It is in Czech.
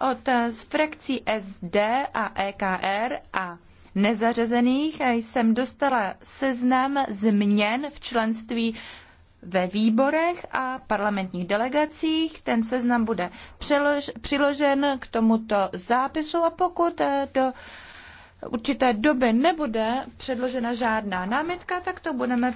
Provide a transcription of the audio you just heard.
Od eh, z frakcí SD a EKR a nezařazených jsem dostala seznam změn v členství ve výborech a parlamentních delegacích. Ten seznam bude přelož, přiložen k tomuto zápisu a pokud eh, do určité doby nebude předložena žádná námitka, tak to budeme